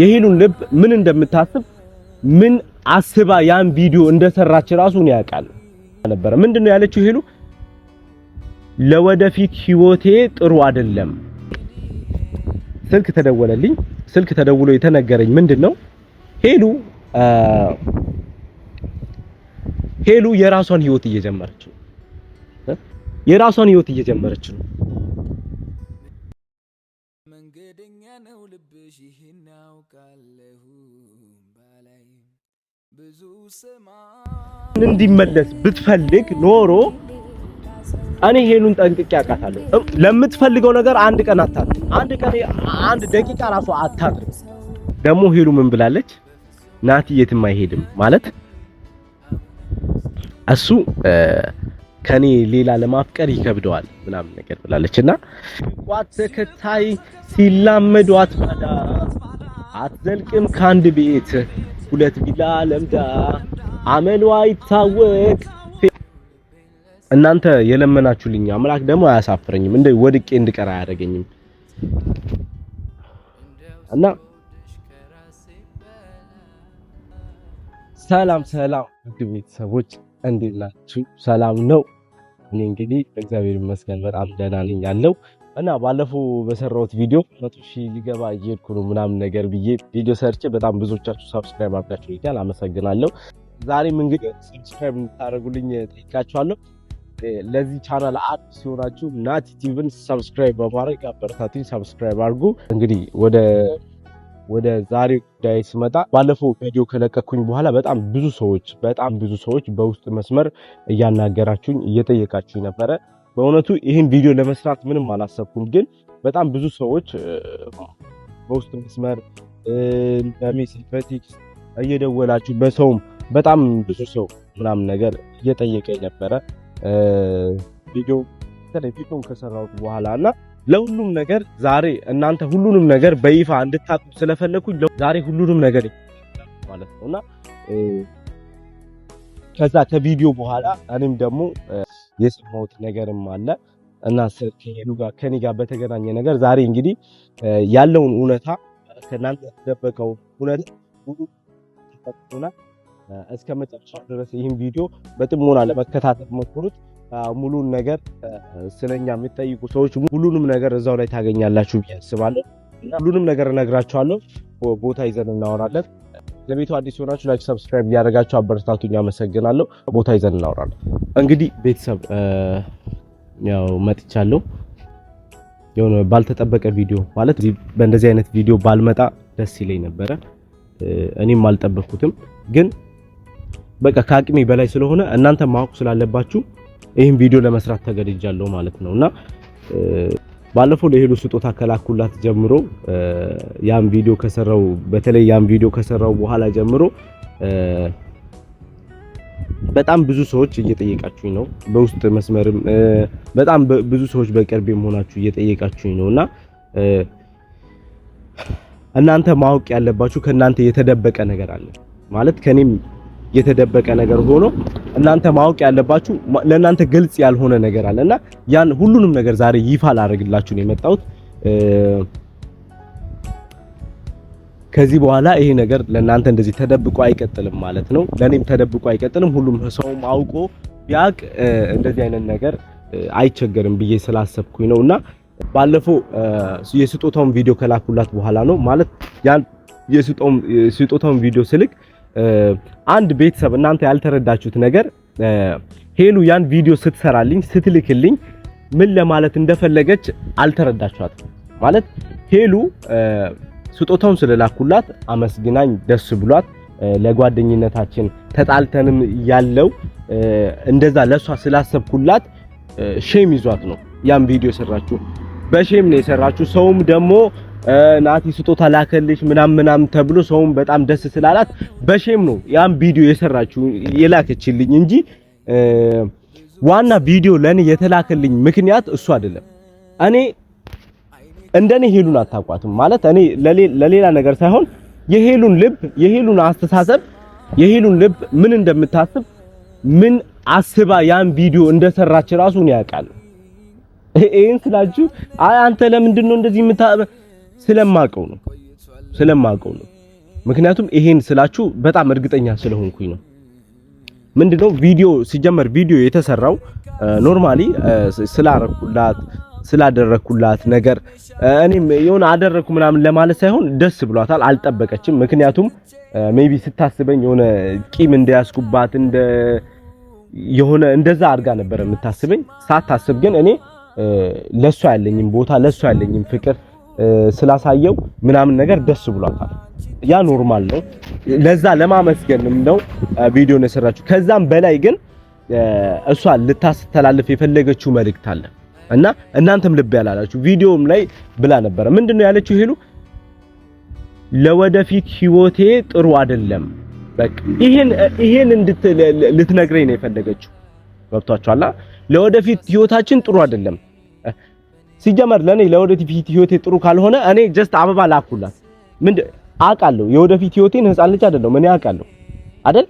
የሄሉን ልብ ምን እንደምታስብ ምን አስባ ያን ቪዲዮ እንደሰራች ራሱን ያውቃል ነበረ። ምንድነው ያለችው ሄሉ? ለወደፊት ህይወቴ ጥሩ አይደለም። ስልክ ተደወለልኝ። ስልክ ተደውሎ የተነገረኝ ምንድነው ሄሉ ሄሉ የራሷን ህይወት እየጀመረች ነው። የራሷን ህይወት እየጀመረች ነው። እንዲመለስ ብትፈልግ ኖሮ እኔ ሄሉን ጠንቅቄ አውቃታለሁ። ለምትፈልገው ነገር አንድ ቀን አታት አንድ ቀን አንድ ደቂቃ ራሱ አታት ደግሞ ሄሉ ምን ብላለች? ናቲ የትም አይሄድም ማለት እሱ ከኔ ሌላ ለማፍቀር ይከብደዋል ምናምን ነገር ብላለች። እና ቋት ተከታይ ሲላመዷት ማዳ አትዘልቅም ከአንድ ቤት ሁለት ቢላ ለምዳ አመሏ ይታወቅ። እናንተ የለመናችሁልኝ አምላክ ደግሞ አያሳፍረኝም፣ እንደ ወድቄ እንድቀር አያደርገኝም እና ሰላም ሰላም ውድ ቤተሰቦች እንዴት ናችሁ? ሰላም ነው። እኔ እንግዲህ እግዚአብሔር ይመስገን በጣም ደህና ነኝ ያለው እና ባለፈው በሰራሁት ቪዲዮ መቶ ሺህ ሊገባ እየሄድኩ ነው ምናምን ነገር ብዬ ቪዲዮ ሰርቼ በጣም ብዙዎቻችሁ ሰብስክራይብ አድርጋችሁ ይታል፣ አመሰግናለሁ። ዛሬም እንግዲህ ሰብስክራይብ እንድታደርጉልኝ ጠይቃችኋለሁ። ለዚህ ቻናል አዲስ ሲሆናችሁ ናቲቲቭን ሰብስክራይብ በማድረግ አበረታቱኝ። ሰብስክራይብ አድርጉ። እንግዲህ ወደ ወደ ዛሬ ጉዳይ ስመጣ ባለፈው ቪዲዮ ከለቀኩኝ በኋላ በጣም ብዙ ሰዎች በጣም ብዙ ሰዎች በውስጥ መስመር እያናገራችሁኝ እየጠየቃችሁኝ ነበረ በእውነቱ ይህን ቪዲዮ ለመስራት ምንም አላሰብኩም፣ ግን በጣም ብዙ ሰዎች በውስጥ መስመር በሜሴጅ በቴክስት እየደወላችሁ በሰውም በጣም ብዙ ሰው ምናምን ነገር እየጠየቀ ነበረ ቪዲዮ በተለይ ቪዲዮን ከሰራሁት በኋላ እና ለሁሉም ነገር ዛሬ እናንተ ሁሉንም ነገር በይፋ እንድታቁ ስለፈለኩኝ ዛሬ ሁሉንም ነገር ማለት ነው እና ከዛ ከቪዲዮ በኋላ እኔም ደግሞ የሰማሁት ነገርም አለ እና ከሄዱ ጋር ከኔ ጋር በተገናኘ ነገር ዛሬ እንግዲህ ያለውን እውነታ ከእናንተ የተደበቀው እውነት ሆና እስከ መጨረሻ ድረስ ይህን ቪዲዮ በጥሞና ለመከታተል ሞክሩት። ሙሉን ነገር ስለኛ የምትጠይቁ ሰዎች ሁሉንም ነገር እዛው ላይ ታገኛላችሁ ብዬ አስባለሁ። ሁሉንም ነገር እነግራችኋለሁ። ቦታ ይዘን እናወራለን። ለቤቱ አዲስ ሆናችሁ ላይክ፣ ሰብስክራይብ እያደረጋችሁ አበረታቱኝ። አመሰግናለሁ። ቦታ ይዘን እናወራለን። እንግዲህ ቤተሰብ ያው መጥቻለሁ። የሆነ ባልተጠበቀ ቪዲዮ ማለት በእንደዚህ አይነት ቪዲዮ ባልመጣ ደስ ይለኝ ነበረ። እኔም አልጠበኩትም፣ ግን በቃ ከአቅሜ በላይ ስለሆነ እናንተ ማወቅ ስላለባችሁ ይህም ቪዲዮ ለመስራት ተገድጃለሁ ማለት ነው እና ባለፈው ለሄሉ ስጦታ ከላኩላት ጀምሮ ያን ቪዲዮ ከሰራው በተለይ ያን ቪዲዮ ከሰራው በኋላ ጀምሮ በጣም ብዙ ሰዎች እየጠየቃችሁኝ ነው። በውስጥ መስመርም በጣም ብዙ ሰዎች በቅርብ መሆናችሁ እየጠየቃችሁኝ ነውና እናንተ ማወቅ ያለባችሁ ከእናንተ የተደበቀ ነገር አለ ማለት ከኔም የተደበቀ ነገር ሆኖ እናንተ ማወቅ ያለባችሁ ለእናንተ ግልጽ ያልሆነ ነገር አለ እና ያን ሁሉንም ነገር ዛሬ ይፋ ላደርግላችሁ ነው የመጣሁት። ከዚህ በኋላ ይሄ ነገር ለእናንተ እንደዚህ ተደብቆ አይቀጥልም ማለት ነው። ለእኔም ተደብቆ አይቀጥልም። ሁሉም ሰውም አውቆ ቢያውቅ እንደዚህ አይነት ነገር አይቸገርም ብዬ ስላሰብኩኝ ነው እና ባለፈው የስጦታውን ቪዲዮ ከላኩላት በኋላ ነው ማለት ያን የስጦታውን ቪዲዮ ስልክ አንድ ቤተሰብ እናንተ ያልተረዳችሁት ነገር ሄሉ ያን ቪዲዮ ስትሰራልኝ ስትልክልኝ ምን ለማለት እንደፈለገች አልተረዳችኋት። ማለት ሄሉ ስጦታውን ስለላኩላት አመስግናኝ ደስ ብሏት ለጓደኝነታችን ተጣልተንም ያለው እንደዛ ለሷ ስላሰብኩላት ሼም ይዟት ነው ያን ቪዲዮ የሰራችሁ። በሼም ነው የሰራችሁ። ሰውም ደግሞ ናቲ ስጦታ ላከልሽ ምናም ምናም ተብሎ ሰውን በጣም ደስ ስላላት በሼም ነው ያን ቪዲዮ የሰራችው የላከችልኝ እንጂ ዋና ቪዲዮ ለኔ የተላከልኝ ምክንያት እሱ አይደለም። እኔ እንደኔ ሄሉን አታውቋትም ማለት እኔ ለሌላ ነገር ሳይሆን የሄሉን ልብ፣ የሄሉን አስተሳሰብ፣ የሄሉን ልብ ምን እንደምታስብ ምን አስባ ያን ቪዲዮ እንደሰራች ራሱን ያቃል? ያውቃል። ይሄን ስላችሁ አይ አንተ ለምንድን ነው እንደዚህ ስለማቀው ነው ስለማቀው ነው። ምክንያቱም ይሄን ስላችሁ በጣም እርግጠኛ ስለሆንኩኝ ነው። ምንድነው ቪዲዮ ሲጀመር ቪዲዮ የተሰራው ኖርማሊ ስላረኩላት ስላደረኩላት ነገር እኔም የሆነ አደረኩ ምናምን ለማለት ሳይሆን ደስ ብሏታል። አልጠበቀችም። ምክንያቱም ሜቢ ስታስበኝ የሆነ ቂም እንደያዝኩባት እንደ የሆነ እንደዛ አድርጋ ነበር የምታስበኝ። ሳታስብ ግን እኔ ለሷ ያለኝም ቦታ ለሷ ያለኝም ፍቅር ስላሳየው ምናምን ነገር ደስ ብሏታል። ያ ኖርማል ነው። ለዛ ለማመስገንም ነው ቪዲዮን የሰራችሁ። ከዛም በላይ ግን እሷ ልታስተላልፍ የፈለገችው መልእክት አለ እና እናንተም ልብ ያላላችሁ ቪዲዮም ላይ ብላ ነበረ። ምንድን ነው ያለችው? ሄሉ ለወደፊት ህይወቴ ጥሩ አይደለም። በቃ ይሄን ይሄን ልትነግረኝ ነው የፈለገችው። ገብቷችኋል? ለወደፊት ህይወታችን ጥሩ አይደለም ሲጀመር ለኔ ለወደፊት ህይወቴ ጥሩ ካልሆነ እኔ ጀስት አበባ ላኩላት። ምን አውቃለሁ፣ የወደፊት ህይወቴን ህፃን ልጅ አይደለሁም እኔ አውቃለሁ አይደል?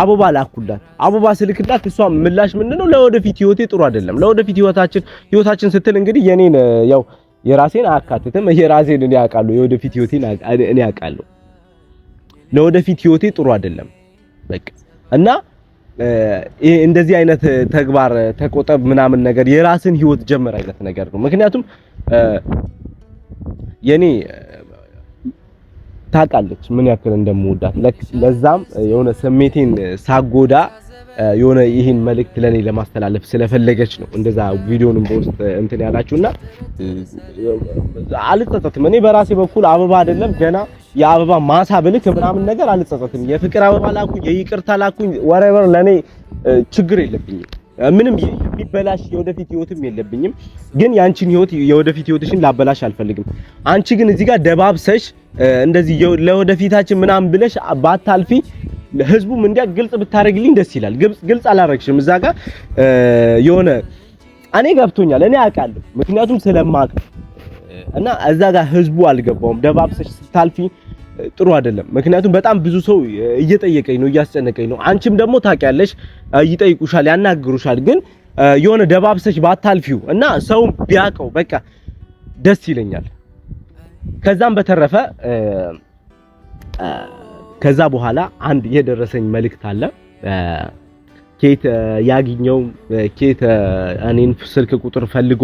አበባ ላኩላት። አበባ ስልክላት እሷ ምላሽ ምንድነው? ለወደፊት ህይወቴ ጥሩ አይደለም። ለወደፊት ህይወታችን ህይወታችን ስትል እንግዲህ የኔን ያው የራሴን አያካትትም። የራሴን እኔ አውቃለሁ፣ የወደፊት ህይወቴን እኔ አውቃለሁ። ለወደፊት ህይወቴ ጥሩ አይደለም በቃ እና እንደዚህ አይነት ተግባር ተቆጠብ ምናምን ነገር የራስን ህይወት ጀመር አይነት ነገር ነው። ምክንያቱም የኔ ታውቃለች ምን ያክል እንደምወዳት። ለዛም የሆነ ስሜቴን ሳጎዳ የሆነ ይህን መልእክት ለኔ ለማስተላለፍ ስለፈለገች ነው እንደዛ ቪዲዮንም በውስጥ እንትን ያላችሁና አልጸጸትም። እኔ በራሴ በኩል አበባ አይደለም ገና የአበባ ማሳ ብልክ ምናምን ነገር አልጸጸትም። የፍቅር አበባ ላኩኝ፣ የይቅርታ ላኩኝ፣ ወሬቨር ለኔ ችግር የለብኝም። ምንም የሚበላሽ የወደፊት ህይወትም የለብኝም። ግን ያንቺን ህይወት የወደፊት ህይወትሽን ላበላሽ አልፈልግም። አንቺ ግን እዚህ ጋር ደባብሰሽ እንደዚህ ለወደፊታችን ምናምን ብለሽ ባታልፊ ህዝቡም እንዲያ ግልጽ ብታደርግልኝ ደስ ይላል። ግልጽ አላረግሽም። እዛ ጋር የሆነ እኔ ገብቶኛል፣ እኔ አውቃለሁ፣ ምክንያቱም ስለማውቅ እና እዛ ጋር ህዝቡ አልገባውም። ደባብሰሽ ስታልፊ ጥሩ አይደለም። ምክንያቱም በጣም ብዙ ሰው እየጠየቀኝ ነው፣ እያስጨነቀኝ ነው። አንቺም ደግሞ ታውቂያለሽ፣ ይጠይቁሻል፣ ያናግሩሻል። ግን የሆነ ደባብሰሽ ባታልፊው እና ሰው ቢያውቀው በቃ ደስ ይለኛል። ከዛም በተረፈ ከዛ በኋላ አንድ የደረሰኝ መልእክት አለ። ኬት ያግኘው ኬት እኔን ስልክ ቁጥር ፈልጎ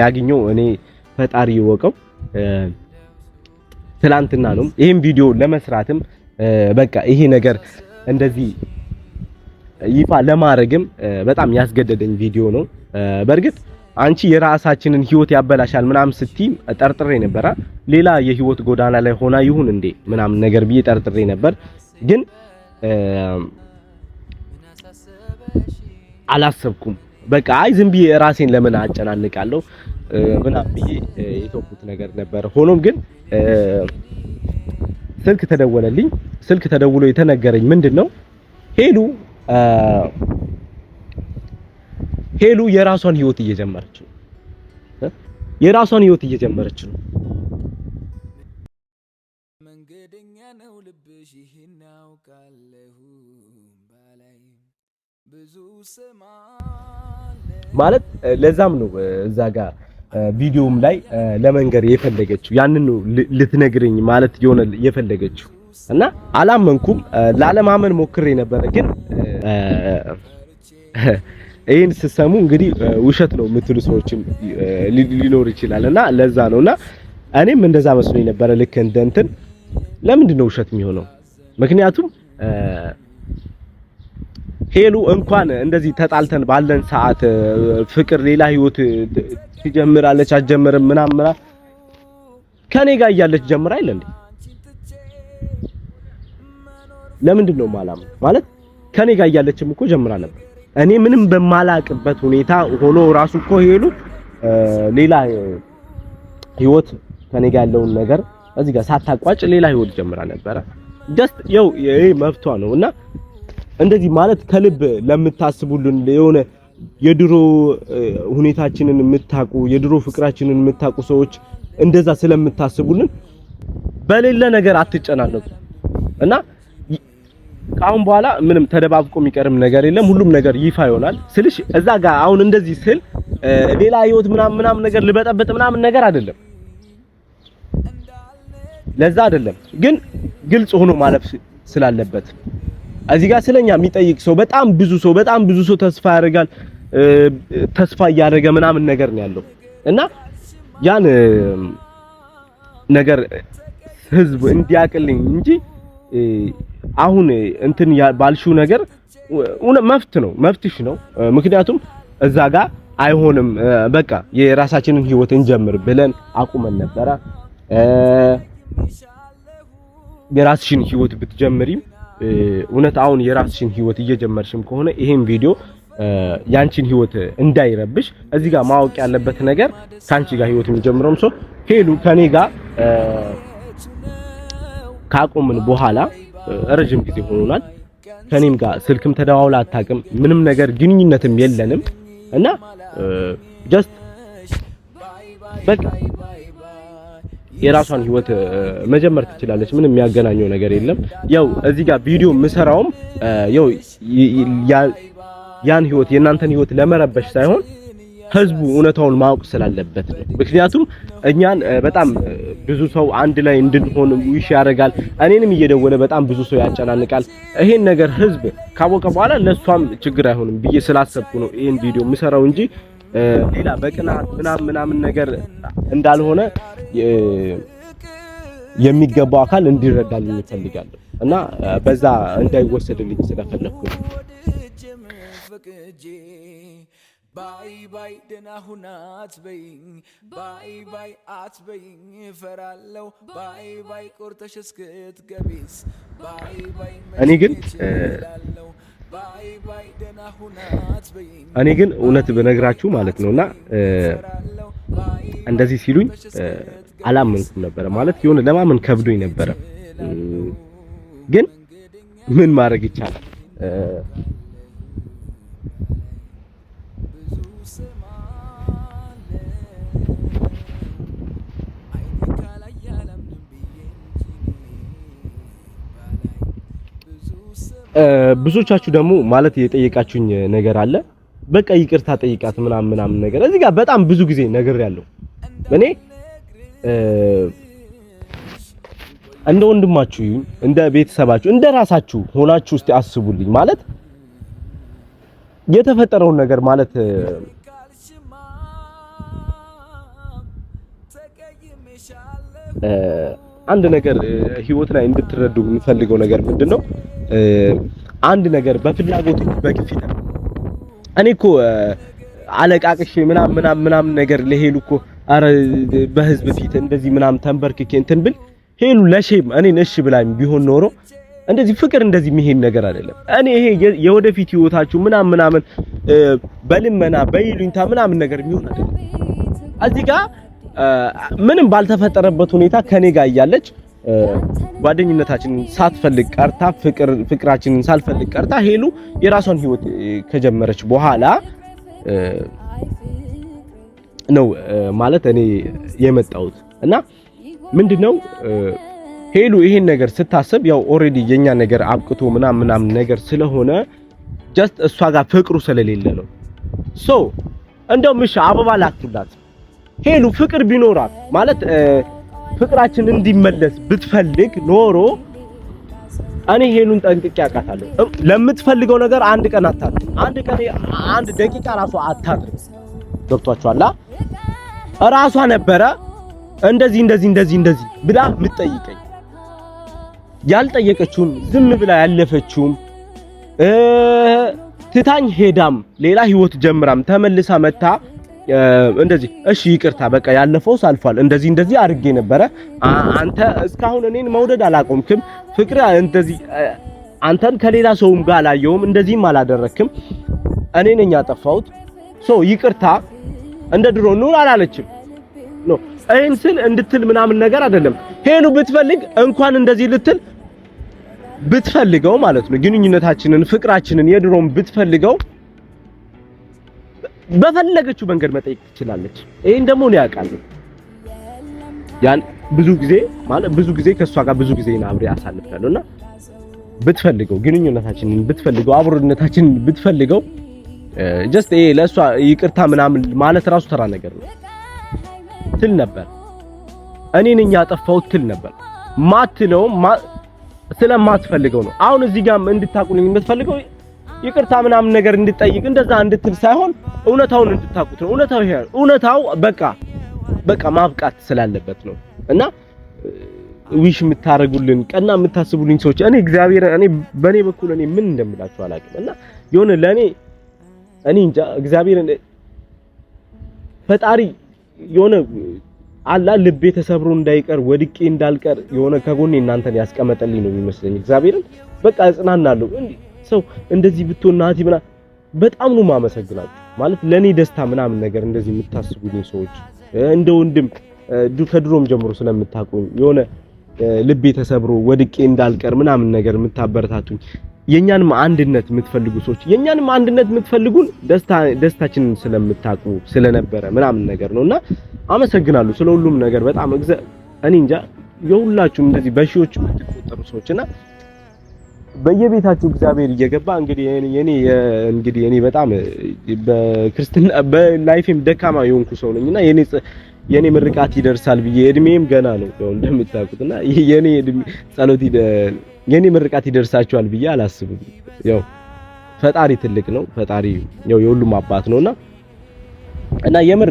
ያግኘው እኔ ፈጣሪ ይወቀው። ትላንትና ነው ይህም ቪዲዮ ለመስራትም በቃ ይሄ ነገር እንደዚህ ይፋ ለማድረግም በጣም ያስገደደኝ ቪዲዮ ነው። በእርግጥ አንቺ የራሳችንን ህይወት ያበላሻል ምናምን ስቲ ጠርጥሬ ነበራ። ሌላ የህይወት ጎዳና ላይ ሆና ይሁን እንዴ ምናምን ነገር ብዬ ጠርጥሬ ነበር። ግን አላሰብኩም። በቃ አይ ዝም ብዬ ራሴን ለምን አጨናንቃለሁ ምናምን ብዬ የተውኩት ነገር ነበረ። ሆኖም ግን ስልክ ተደወለልኝ። ስልክ ተደውሎ የተነገረኝ ምንድን ነው ሄሉ ሄሉ የራሷን ህይወት እየጀመረች ነው። የራሷን ህይወት እየጀመረች ነው። መንገደኛ ነው ልብሽ ይህን አውቃለሁ። ብዙ ስማ ማለት ለዛም ነው እዛ ጋር ቪዲዮም ላይ ለመንገር የፈለገችው ያንን ነው ልትነግረኝ ማለት የሆነ የፈለገችው እና አላመንኩም። ላለማመን ሞክሬ ነበረ፣ ግን ይህን ስሰሙ እንግዲህ ውሸት ነው የምትሉ ሰዎችም ሊኖር ይችላል። እና ለዛ ነው እና እኔም እንደዛ መስሎኝ ነበረ ልክ እንደ እንትን ለምንድን ነው ውሸት የሚሆነው? ምክንያቱም ሄሉ እንኳን እንደዚህ ተጣልተን ባለን ሰዓት ፍቅር ሌላ ህይወት ትጀምራለች አትጀምርም ምናምን ምናምን ከኔ ጋር እያለች ጀምራ አይደል እንዴ? ለምንድን ነው ማላም ማለት ከኔ ጋር እያለችም እኮ ጀምራ ነበር። እኔ ምንም በማላቅበት ሁኔታ ሆኖ ራሱ እኮ ሄሉ ሌላ ህይወት ከኔ ጋር ያለውን ነገር እዚህ ጋር ሳታቋጭ ሌላ ህይወት ጀምራ ነበረ። ጀስት ያው ይሄ መብቷ ነው እና እንደዚህ ማለት ከልብ ለምታስቡልን የሆነ የድሮ ሁኔታችንን የምታቁ የድሮ ፍቅራችንን የምታቁ ሰዎች እንደዛ ስለምታስቡልን በሌለ ነገር አትጨናነቁ እና አሁን በኋላ ምንም ተደባብቆ የሚቀርም ነገር የለም። ሁሉም ነገር ይፋ ይሆናል ስልሽ እዛ ጋር አሁን እንደዚህ ስል ሌላ ህይወት ምናምን ምናምን ነገር ልበጠበጥ ምናምን ነገር አይደለም፣ ለዛ አይደለም ግን ግልጽ ሆኖ ማለፍ ስላለበት እዚህ ጋር ስለኛ የሚጠይቅ ሰው በጣም ብዙ ሰው በጣም ብዙ ሰው ተስፋ ያደርጋል። ተስፋ እያደረገ ምናምን ነገር ነው ያለው እና ያን ነገር ህዝብ እንዲያቅልኝ እንጂ አሁን እንትን ባልሽው ነገር መፍት ነው መፍትሽ ነው። ምክንያቱም እዛ ጋር አይሆንም በቃ የራሳችንን ህይወት እንጀምር ብለን አቁመን ነበረ። የራስሽን ህይወት ብትጀምሪም እውነት አሁን የራስሽን ህይወት እየጀመርሽም ከሆነ ይሄን ቪዲዮ ያንቺን ህይወት እንዳይረብሽ እዚህ ጋር ማወቅ ያለበት ነገር ከአንቺ ጋር ህይወት የሚጀምረውም ሰው ሄሉ ከኔ ጋር ካቆምን በኋላ ረጅም ጊዜ ሆኖናል። ከኔም ጋር ስልክም ተደዋውላ አታውቅም። ምንም ነገር ግንኙነትም የለንም እና ጀስት በቃ የራሷን ህይወት መጀመር ትችላለች። ምንም የሚያገናኘው ነገር የለም። ያው እዚህ ጋር ቪዲዮ ምሰራውም ያው ያን ህይወት የእናንተን ህይወት ለመረበሽ ሳይሆን ህዝቡ እውነታውን ማወቅ ስላለበት ነው። ምክንያቱም እኛን በጣም ብዙ ሰው አንድ ላይ እንድንሆን ውሽ ያደርጋል። እኔንም እየደወለ በጣም ብዙ ሰው ያጨናንቃል። ይሄን ነገር ህዝብ ካወቀ በኋላ ለሷም ችግር አይሆንም ብዬ ስላሰብኩ ነው ይሄን ቪዲዮ የምሰራው እንጂ ሌላ በቅናት ምናምን ምናምን ነገር እንዳልሆነ የሚገባው አካል እንዲረዳልኝ እፈልጋለሁ እና በዛ እንዳይወሰድልኝ ስለፈለኩ ባይ ባይ ደህና ሁና አትበይኝ፣ ባይ ባይ አትበይኝ፣ እፈራለሁ። ባይ ባይ ቆርጠሽ እስክትገቢስ ባይ ባይ እኔ ግን እኔ ግን እውነት በነግራችሁ ማለት ነውና እንደዚህ ሲሉኝ አላመንኩም ነበረ። ማለት የሆነ ለማመን ከብዶኝ ነበረ። ግን ምን ማድረግ ይቻላል? ብዙዎቻችሁ ደግሞ ማለት የጠየቃችሁኝ ነገር አለ። በቃ ይቅርታ ጠይቃት ምናምን ምናምን ነገር እዚህ ጋር በጣም ብዙ ጊዜ ነገር ያለው እኔ እንደ ወንድማችሁ እንደ ቤተሰባችሁ እንደ ራሳችሁ ሆናችሁ እስቲ አስቡልኝ። ማለት የተፈጠረውን ነገር ማለት አንድ ነገር ህይወት ላይ እንድትረዱ የምፈልገው ነገር ምንድነው? አንድ ነገር በፍላጎት በግፊት እኔ እኮ አለቃቅሽ ምናም ምናም ምናም ነገር ለሄሉ እኮ አረ በህዝብ ፊት እንደዚህ ምናም ተንበርክኬ እንትን ብል ሄሉ ለሼም እኔን እሺ ብላኝ ቢሆን ኖሮ እንደዚህ ፍቅር እንደዚህ የሚሄድ ነገር አይደለም። እኔ ይሄ የወደፊት ህይወታችሁ ምናም ምናምን በልመና በይሉኝታ ምናምን ነገር የሚሆን አይደለም። እዚህ ጋር ምንም ባልተፈጠረበት ሁኔታ ከኔ ጋር እያለች ጓደኝነታችንን ሳትፈልግ ቀርታ ፍቅር ፍቅራችንን ሳልፈልግ ቀርታ ሄሉ የራሷን ህይወት ከጀመረች በኋላ ነው ማለት እኔ የመጣሁት እና ምንድነው ሄሉ ይሄን ነገር ስታስብ ያው ኦሬዲ የኛ ነገር አብቅቶ ምናም ምናም ነገር ስለሆነ ጀስት እሷ ጋር ፍቅሩ ስለሌለ ነው ሶ እንደው ምሽ አበባ ላክላት ሄሉ ፍቅር ቢኖራት ማለት ፍቅራችን እንዲመለስ ብትፈልግ ኖሮ እኔ ሄሉን ጠንቅቄ አውቃታለሁ። ለምትፈልገው ነገር አንድ ቀን አታት አንድ ቀን አንድ ደቂቃ ራሷ አታድርም። ገብቷችኋል? ራሷ ነበረ እንደዚህ እንደዚህ እንደዚህ እንደዚህ ብላ የምትጠይቀኝ ያልጠየቀችውም ዝም ብላ ያለፈችውም ትታኝ ሄዳም ሌላ ህይወት ጀምራም ተመልሳ መታ እንደዚህ እሺ፣ ይቅርታ በቃ ያለፈው ሳልፏል፣ እንደዚህ እንደዚህ አድርጌ ነበረ። አንተ እስካሁን እኔን መውደድ አላቆምክም፣ ፍቅር እንደዚህ አንተን ከሌላ ሰውም ጋር አላየውም፣ እንደዚህም አላደረክም። እኔ ነኝ ያጠፋሁት፣ ሶ ይቅርታ፣ እንደ ድሮ ኑር አላለችም። ኖ ይህን ስል እንድትል ምናምን ነገር አይደለም። ሄሉ ብትፈልግ እንኳን እንደዚህ ልትል ብትፈልገው ማለት ነው ግንኙነታችንን ፍቅራችንን የድሮም ብትፈልገው በፈለገችው መንገድ መጠየቅ ትችላለች። ይሄን ደግሞ ነው ያውቃለሁ። ያን ብዙ ጊዜ ማለት ብዙ ጊዜ ከእሷ ጋር ብዙ ጊዜ አብሬ አሳልፋለሁ እና ብትፈልገው ግንኙነታችንን ብትፈልገው አብሮነታችንን ብትፈልገው ጀስት ይሄ ለእሷ ይቅርታ ምናምን ማለት ራሱ ተራ ነገር ነው ትል ነበር። እኔ ነኝ ያጠፋሁት ትል ነበር። ማትለውም ስለማትፈልገው ነው። አሁን እዚህ ጋር እንድታቁልኝ የምትፈልገው ይቅርታ ምናምን ነገር እንድጠይቅ እንደዛ እንድትል ሳይሆን እውነታውን እንድታቁት ነው። እውነታው ይሄ እውነታው በቃ በቃ ማብቃት ስላለበት ነው እና ዊሽ የምታረጉልን ቀና የምታስቡልኝ ሰዎች እኔ እግዚአብሔር እኔ በኔ በኩል እኔ ምን እንደምላችሁ አላውቅም። እና የሆነ ለኔ እኔ እንጃ እግዚአብሔር ፈጣሪ የሆነ አላ ልቤ ተሰብሮ እንዳይቀር ወድቄ እንዳልቀር የሆነ ከጎኔ እናንተን ያስቀመጠልኝ ነው የሚመስለኝ። እግዚአብሔርን በቃ እጽናናለሁ። ሰው እንደዚህ ብትሆን ናቲ ምናምን በጣም ነው ማመሰግናችሁ። ማለት ለኔ ደስታ ምናምን ነገር እንደዚህ የምታስቡኝ ሰዎች እንደ ወንድም ከድሮም ጀምሮ ስለምታቁኝ የሆነ ልቤ ተሰብሮ ወድቄ እንዳልቀር ምናምን ነገር የምታበረታቱኝ የኛንም አንድነት የምትፈልጉ ሰዎች የኛንም አንድነት የምትፈልጉን ደስታ ደስታችንን ስለምታቁ ስለነበረ ምናምን ነገር ነውና አመሰግናለሁ ስለ ሁሉም ነገር በጣም እኔ እንጃ የሁላችሁም እንደዚህ በሺዎች የምትቆጠሩ ሰዎችና በየቤታችሁ እግዚአብሔር እየገባ እንግዲህ የኔ እንግዲህ እኔ በጣም በክርስትና በላይፌም ደካማ የሆንኩ ሰው ነኝና የኔ የኔ ምርቃት ይደርሳል ብዬ እድሜም ገና ነው ያው እንደምታውቁትና የኔ እድሜ ጸሎት የኔ ምርቃት ይደርሳቸዋል ብዬ አላስብም። ያው ፈጣሪ ትልቅ ነው። ፈጣሪ ያው የሁሉም አባት ነውና እና የምር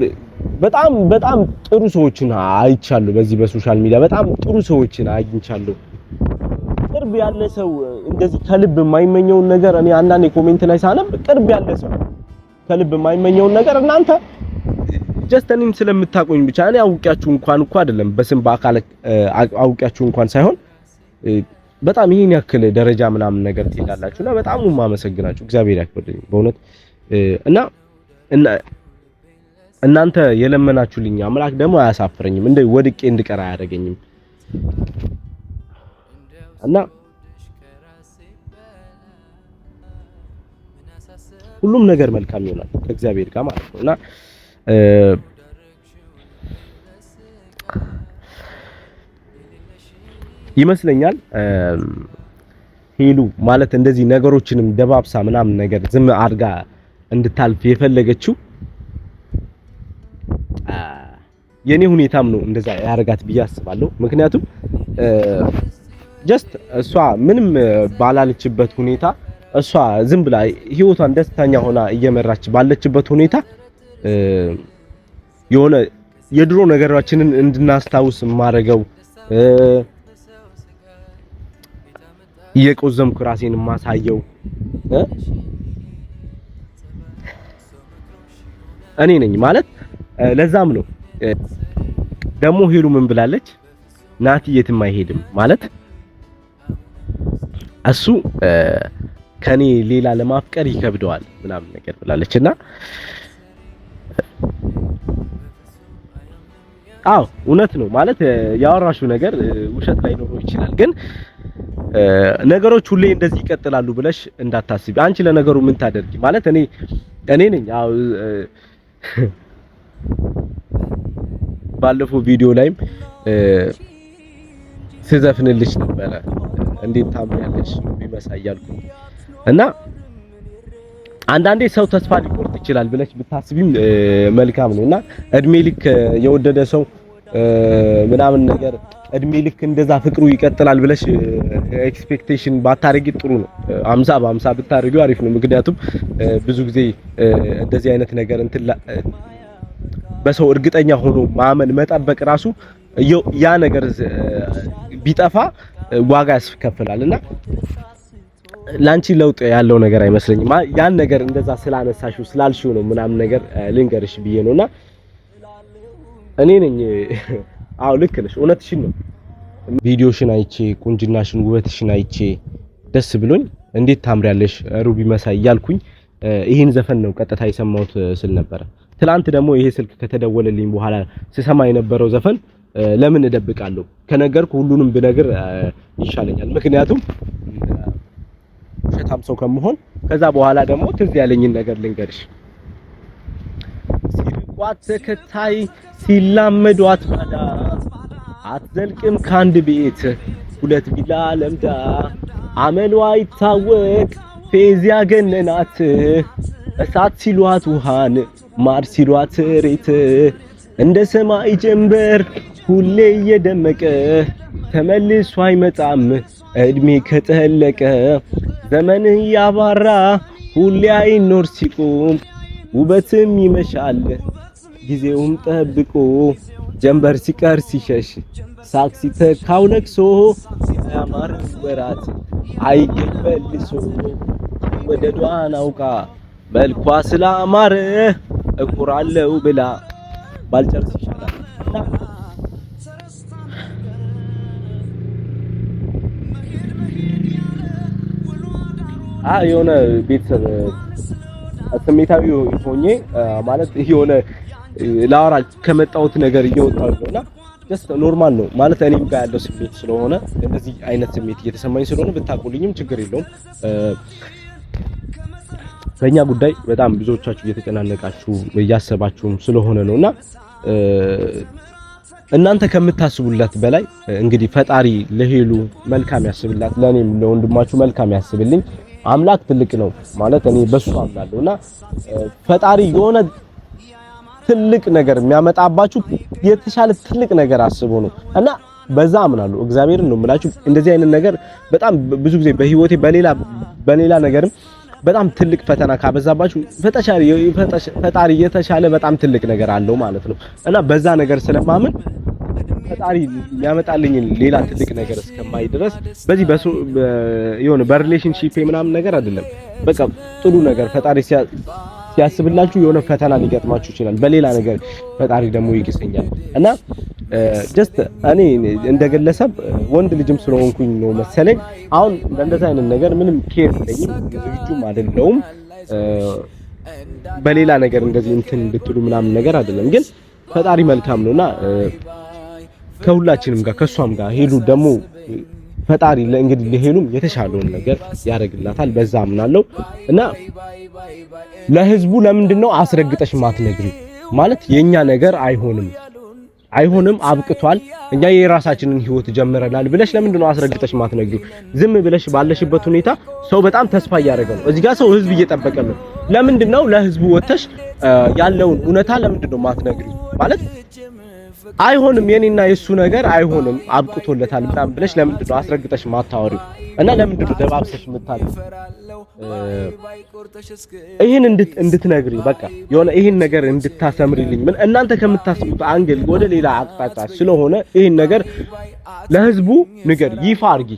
በጣም በጣም ጥሩ ሰዎችን አይቻለሁ። በዚህ በሶሻል ሚዲያ በጣም ጥሩ ሰዎችን አግኝቻለሁ። ቅርብ ያለ ሰው እንደዚህ ከልብ የማይመኘውን ነገር እኔ አንዳንዴ ኮሜንት ላይ ሳነብ ቅርብ ያለ ሰው ከልብ የማይመኘውን ነገር እናንተ ጀስት እኔም ስለምታቆኝ ብቻ እኔ አውቂያችሁ እንኳን እኮ አይደለም በስም በአካል አውቂያችሁ እንኳን ሳይሆን በጣም ይሄን ያክል ደረጃ ምናምን ነገር ትሄዳላችሁ እና በጣም ነው የማመሰግናችሁ። እግዚአብሔር ያክብርልኝ በእውነት እና እና እናንተ የለመናችሁልኝ አምላክ ደግሞ አያሳፍረኝም፣ እንደ ወድቄ እንድቀር አያደርገኝም። እና ሁሉም ነገር መልካም ይሆናል ከእግዚአብሔር ጋር ማለት ነው እና ይመስለኛል ሄሉ ማለት እንደዚህ ነገሮችንም ደባብሳ ምናምን ነገር ዝም አርጋ እንድታልፍ የፈለገችው የኔ ሁኔታም ነው እንደዛ ያደርጋት ብዬ አስባለሁ። ምክንያቱም ጀስት እሷ ምንም ባላለችበት ሁኔታ እሷ ዝም ብላ ህይወቷን ደስተኛ ሆና እየመራች ባለችበት ሁኔታ የሆነ የድሮ ነገራችንን እንድናስታውስ የማደርገው እየቆዘምኩ ራሴን የማሳየው እኔ ነኝ ማለት ለዛም ነው ደግሞ ሄሉ ምን ብላለች ናቲ የትም አይሄድም ማለት እሱ ከኔ ሌላ ለማፍቀር ይከብደዋል ምናምን ነገር ብላለች እና አዎ እውነት ነው ማለት ያወራሹ ነገር ውሸት ላይ ኖሮ ይችላል ግን ነገሮች ሁሌ እንደዚህ ይቀጥላሉ ብለሽ እንዳታስቢ አንቺ ለነገሩ ምን ታደርጊ ማለት እኔ እኔ ነኝ አዎ ባለፈው ቪዲዮ ላይም ስዘፍንልሽ ነበረ እንዴት ታምኛለሽ ቢመሳ እያልኩ እና አንዳንዴ ሰው ተስፋ ሊቆርጥ ይችላል ብለሽ ብታስቢም መልካም ነው እና እድሜ ልክ የወደደ ሰው ምናምን ነገር እድሜ ልክ እንደዛ ፍቅሩ ይቀጥላል ብለሽ ኤክስፔክቴሽን ባታረጊ ጥሩ ነው። አምሳ በአምሳ ብታረጊው አሪፍ ነው። ምክንያቱም ብዙ ጊዜ እንደዚህ አይነት ነገር በሰው እርግጠኛ ሆኖ ማመን መጠበቅ ራሱ ያ ነገር ቢጠፋ ዋጋ ያስከፍላል እና ላንቺ ለውጥ ያለው ነገር አይመስለኝም። ያን ነገር እንደዛ ስላነሳሽው ስላልሽው ነው ምናምን ነገር ልንገርሽ ብዬ ነውና እኔ ነኝ። አዎ ልክ ነሽ፣ እውነትሽን ነው። ቪዲዮሽን አይቼ ቁንጅናሽን፣ ውበትሽን አይቼ ደስ ብሎኝ እንዴት ታምሪያለሽ ሩቢ መሳይ እያልኩኝ ይህን ዘፈን ነው ቀጥታ የሰማሁት ስል ነበረ። ትላንት ደግሞ ይሄ ስልክ ከተደወለልኝ በኋላ ስሰማ የነበረው ዘፈን ለምን እደብቃለሁ? ከነገርኩ ሁሉንም ብነግር ይሻለኛል። ምክንያቱም ውሸታም ሰው ከመሆን ከዛ በኋላ ደግሞ ትዝ ያለኝን ነገር ልንገርሽ። ሲቋት ተከታይ ሲላመዷት ባዳ አትዘልቅም ከአንድ ቤት ሁለት ቢላ ለምዳ አመሏ ይታወቅ ፌዝ ያገነናት እሳት ሲሏት ውሃን ማር ሲሏት ሬት እንደ ሰማይ ጀንበር ሁሌ እየደመቀ ተመልሶ አይመጣም እድሜ ከጠለቀ ዘመን እያባራ ሁሌ አይኖር ሲቆም ውበትም ይመሻል ጊዜውም ጠብቆ ጀንበር ሲቀር ሲሸሽ ሳቅ ሲተካው ለቅሶ ያማር ወራት አይገኝ መልሶ ወደዷን አውቃ መልኳ ስላማረ እቁራለው ብላ ባልጨርስ ይሻላል። የሆነ ቤተሰብ ስሜታዊ ሆኜ ማለት የሆነ ላወራ ከመጣሁት ነገር እየወጣሁ ነው እና ደስ ኖርማል ነው ማለት እኔም ጋር ያለው ስሜት ስለሆነ እንደዚህ አይነት ስሜት እየተሰማኝ ስለሆነ ብታቁልኝም ችግር የለውም። በእኛ ጉዳይ በጣም ብዙዎቻችሁ እየተጨናነቃችሁ እያሰባችሁም ስለሆነ ነው እና እናንተ ከምታስቡላት በላይ እንግዲህ ፈጣሪ ለሄሉ መልካም ያስብላት፣ ለእኔም ለወንድማችሁ መልካም ያስብልኝ። አምላክ ትልቅ ነው ማለት እኔ በሱ አምናለሁና ፈጣሪ የሆነ ትልቅ ነገር የሚያመጣባችሁ የተሻለ ትልቅ ነገር አስቦ ነው እና በዛ አምናለሁ። እግዚአብሔርን ነው የምላችሁ። እንደዚህ አይነት ነገር በጣም ብዙ ጊዜ በህይወቴ በሌላ በሌላ ነገርም በጣም ትልቅ ፈተና ካበዛባችሁ ፈጣሪ የተሻለ በጣም ትልቅ ነገር አለው ማለት ነው እና በዛ ነገር ስለማምን ፈጣሪ ያመጣልኝን ሌላ ትልቅ ነገር እስከማይ ድረስ በዚህ የሆነ በሪሌሽንሺፕ ምናምን ነገር አይደለም። በቃ ጥሩ ነገር ፈጣሪ ሲያስብላችሁ የሆነ ፈተና ሊገጥማችሁ ይችላል። በሌላ ነገር ፈጣሪ ደግሞ ይግሰኛል እና ጀስት እኔ ግለሰብ ወንድ ልጅም ስለሆንኩኝ ነው መሰለኝ አሁን እንደዛ አይነት ነገር ምንም ኬር የለኝም፣ ዝግጁም አይደለሁም። በሌላ ነገር እንደዚህ እንትን ብትሉ ምናምን ነገር አይደለም፣ ግን ፈጣሪ መልካም ነውና ከሁላችንም ጋር ከሷም ጋር ሄሉ ደግሞ ፈጣሪ ለእንግዲህ ለሄሉም የተሻለውን ነገር ያደርግላታል። በዛ አምናለሁ እና ለህዝቡ ለምንድን ነው አስረግጠሽ ማትነግሪ ማለት የኛ ነገር አይሆንም አይሆንም አብቅቷል፣ እኛ የራሳችንን ህይወት ጀምረናል ብለሽ ለምንድን ነው አስረግጠሽ ማትነግሪው? ዝም ብለሽ ባለሽበት ሁኔታ ሰው በጣም ተስፋ እያደረገ ነው። እዚህ ጋር ሰው ህዝብ እየጠበቀ ነው። ለምንድን ነው ለህዝቡ ወተሽ ያለውን እውነታ ለምንድን ነው ማትነግሪው ማለት አይሆንም የኔና የሱ ነገር አይሆንም፣ አብቅቶለታል ምናምን ብለሽ ለምንድን ነው አስረግጠሽ ማታወሪው? እና ለምንድን ነው ደባብሰሽ የምታወሪው? ይሄን እንድትነግሪ በቃ የሆነ ይሄን ነገር እንድታሰምሪልኝ ምን እናንተ ከምታስቡት አንግል ወደ ሌላ አቅጣጫ ስለሆነ ይሄን ነገር ለህዝቡ ንገር፣ ይፋ አርጊ።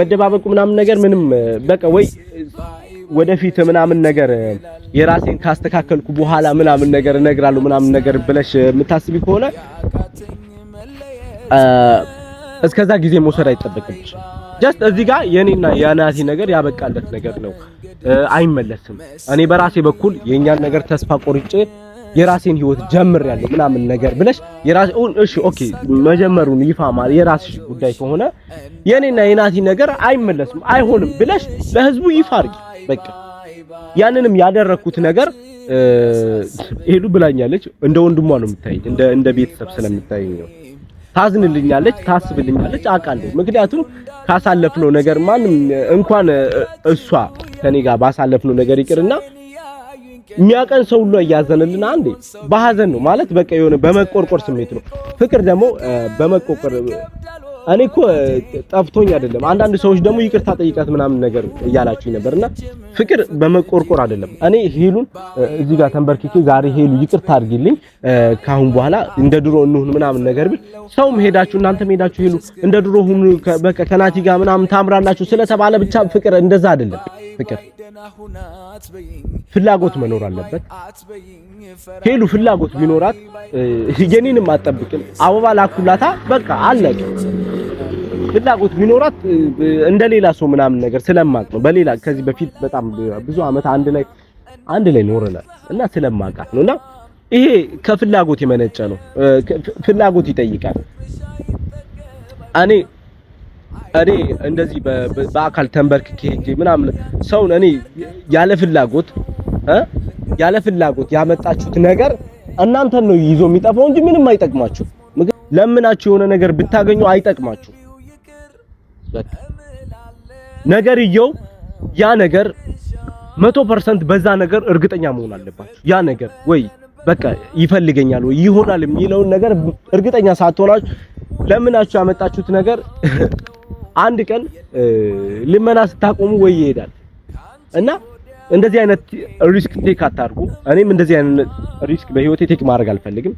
መደባበቁ ምናምን ነገር ምንም በቃ ወይ ወደፊት ምናምን ነገር የራሴን ካስተካከልኩ በኋላ ምናምን ነገር እነግራለሁ ምናምን ነገር ብለሽ የምታስቢ ከሆነ እስከዛ ጊዜ መውሰድ አይጠበቅብሽ። ጀስት እዚህ ጋር የኔና የናቲ ነገር ያበቃለት ነገር ነው፣ አይመለስም። እኔ በራሴ በኩል የኛን ነገር ተስፋ ቆርጬ የራሴን ህይወት ጀምር ያለው ምናምን ነገር ብለሽ የራሴ እሺ፣ ኦኬ መጀመሩን ይፋ ማለት የራስሽ ጉዳይ ከሆነ የኔና የናቲ ነገር አይመለስም፣ አይሆንም ብለሽ ለህዝቡ ይፋ አድርጊ። በቃ ያንንም ያደረኩት ነገር ሄዱ ብላኛለች። እንደ ወንድሟ ነው የምታየኝ፣ እንደ እንደ ቤተሰብ ስለምታየኝ ነው። ታዝንልኛለች፣ ታስብልኛለች፣ አውቃለሁ። ምክንያቱም ካሳለፍነው ነገር ማንም እንኳን እሷ ከኔ ጋር ባሳለፍነው ነገር ይቅርና የሚያቀን ሰው ሁሉ እያዘንልን አንዴ በሀዘን ነው ማለት በቃ የሆነ በመቆርቆር ስሜት ነው። ፍቅር ደግሞ በመቆርቆር እኔ እኮ ጠፍቶኝ አይደለም። አንዳንድ ሰዎች ደግሞ ይቅርታ ጠይቃት ምናምን ነገር እያላችሁኝ ነበርና ፍቅር በመቆርቆር አይደለም። እኔ ሄሉን እዚህ ጋር ተንበርክኬ ዛሬ ሄሉ ይቅርታ አድርጊልኝ፣ ካሁን በኋላ እንደ ድሮ እንሁን ምናምን ነገር ቢል ሰውም ሄዳችሁ እናንተም ሄዳችሁ ሄሉ እንደ ድሮ ሁኑ በቃ ከናቲ ጋር ምናምን ታምራላችሁ ስለተባለ ብቻ ፍቅር እንደዛ አይደለም። ፍቅር ፍላጎት መኖር አለበት። ሄሉ ፍላጎት ቢኖራት የኔንም አትጠብቅም። አበባ ላኩላታ በቃ አለቅ ፍላጎት ቢኖራት እንደሌላ ሰው ምናምን ነገር ስለማቅ ነው። በሌላ ከዚህ በፊት በጣም ብዙ አመት አንድ ላይ አንድ ላይ ኖረናል እና ስለማቃት ነው እና ይሄ ከፍላጎት የመነጨ ነው። ፍላጎት ይጠይቃል። እኔ እኔ እንደዚህ በአካል ተንበርክኬ ሄጄ ምናምን ሰውን እኔ ያለ ፍላጎት ያለ ፍላጎት ያመጣችሁት ነገር እናንተን ነው ይዞ የሚጠፋው እንጂ ምንም አይጠቅማችሁ። ለምናችሁ የሆነ ነገር ብታገኙ አይጠቅማችሁ። ነገርየው ያ ነገር መቶ ፐርሰንት በዛ ነገር እርግጠኛ መሆን አለባችሁ። ያ ነገር ወይ በቃ ይፈልገኛል ወይ ይሆናል የሚለውን ነገር እርግጠኛ ሳትሆናችሁ ለምናችሁ ያመጣችሁት ነገር አንድ ቀን ልመና ስታቆሙ ወይ ይሄዳል እና እንደዚህ አይነት ሪስክ ቴክ አታርጉ። እኔም እንደዚህ አይነት ሪስክ በህይወቴ ቴክ ማድረግ አልፈልግም።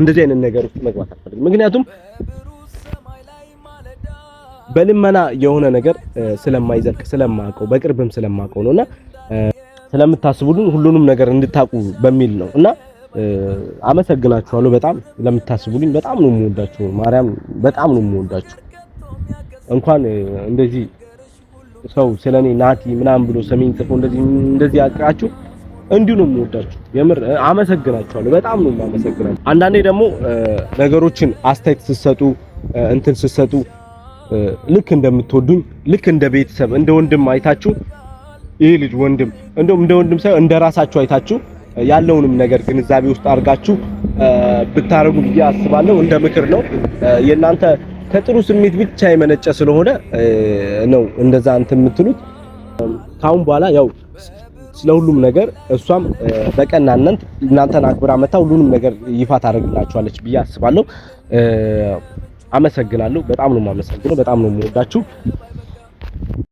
እንደዚህ አይነት ነገር ውስጥ መግባት አልፈልግም። ምክንያቱም በልመና የሆነ ነገር ስለማይዘልቅ ስለማውቀው በቅርብም ስለማውቀው ነውና ስለምታስቡልን ሁሉንም ነገር እንድታውቁ በሚል ነው እና አመሰግናችኋለሁ። በጣም ለምታስቡልኝ በጣም ነው የምወዳችሁ። ማርያም በጣም ነው የምወዳችሁ። እንኳን እንደዚህ ሰው ስለኔ ናቲ ምናምን ብሎ ሰሜን ጽፎ እንደዚህ እንደዚህ ያቅራችሁ እንዲሁ ነው የምወዳችሁ። የምር አመሰግናችኋለሁ። በጣም ነው የማመሰግናችሁ። አንዳንዴ ደግሞ ነገሮችን አስተያየት ስትሰጡ እንትን ስትሰጡ ልክ እንደምትወዱኝ ልክ እንደ ቤተሰብ እንደ ወንድም አይታችሁ ይሄ ልጅ ወንድም እንደውም እንደ ወንድም ሳይሆን እንደ ራሳችሁ አይታችሁ ያለውንም ነገር ግንዛቤ ውስጥ አድርጋችሁ ብታረጉ ብዬ አስባለሁ። እንደ ምክር ነው የእናንተ ከጥሩ ስሜት ብቻ የመነጨ ስለሆነ ነው እንደዛ እንትን የምትሉት። ካሁን በኋላ ያው ስለ ሁሉም ነገር እሷም እናንተ እናንተን አክብራ መታ ሁሉንም ነገር ይፋ ታደርግላችኋለች ብዬ አስባለሁ። አመሰግናለሁ። በጣም ነው የማመሰግነው። በጣም ነው የምወዳችሁ።